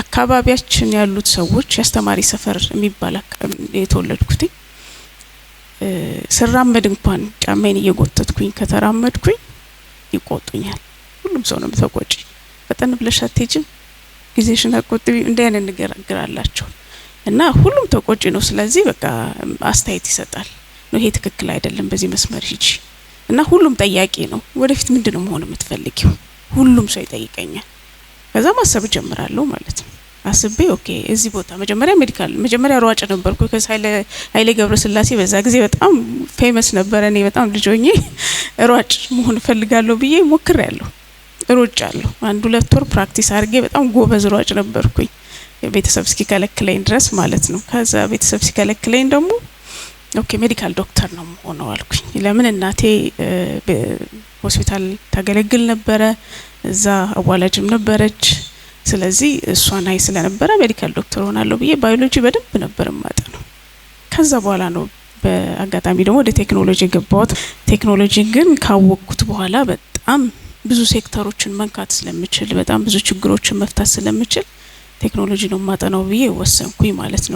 አካባቢያችን ያሉት ሰዎች የአስተማሪ ሰፈር የሚባል የተወለድኩት ስራመድ እንኳን ጫማዬን እየጎተትኩኝ ከተራመድኩኝ ይቆጡኛል። ሁሉም ሰው ነው ተቆጪ፣ ፈጠን ብለሽ አትሄጂም፣ ጊዜሽን አትቆጥቢ፣ እንዲህ አይነት እና ሁሉም ተቆጪ ነው። ስለዚህ በቃ አስተያየት ይሰጣል ነው ይሄ ትክክል አይደለም፣ በዚህ መስመር ሂጂ እና ሁሉም ጠያቂ ነው። ወደፊት ምንድን ነው መሆን የምትፈልጊው? ሁሉም ሰው ይጠይቀኛል። ከዛ ማሰብ ጀምራለሁ ማለት ነው። አስቤ ኦኬ እዚህ ቦታ መጀመሪያ ሜዲካል መጀመሪያ ሯጭ ነበርኩ። ኃይሌ ገብረስላሴ በዛ ጊዜ በጣም ፌመስ ነበረ። እኔ በጣም ልጆኜ ሯጭ መሆን እፈልጋለሁ ብዬ ሞክር ያለሁ ሮጭ አለሁ። አንድ ሁለት ወር ፕራክቲስ አድርጌ በጣም ጎበዝ ሯጭ ነበርኩኝ፣ ቤተሰብ እስኪከለክለኝ ድረስ ማለት ነው። ከዛ ቤተሰብ ሲከለክለኝ ደግሞ ኦኬ ሜዲካል ዶክተር ነው ሆነው አልኩኝ። ለምን እናቴ ሆስፒታል ታገለግል ነበረ፣ እዛ አዋላጅም ነበረች። ስለዚህ እሷን አይ ስለነበረ ሜዲካል ዶክተር ሆናለሁ ብዬ ባዮሎጂ በደንብ ነበር ማጠ ነው። ከዛ በኋላ ነው በአጋጣሚ ደግሞ ወደ ቴክኖሎጂ ገባሁት። ቴክኖሎጂ ግን ካወቅኩት በኋላ በጣም ብዙ ሴክተሮችን መንካት ስለምችል፣ በጣም ብዙ ችግሮችን መፍታት ስለምችል ቴክኖሎጂ ነው ማጠነው ብዬ ወሰንኩኝ ማለት ነው።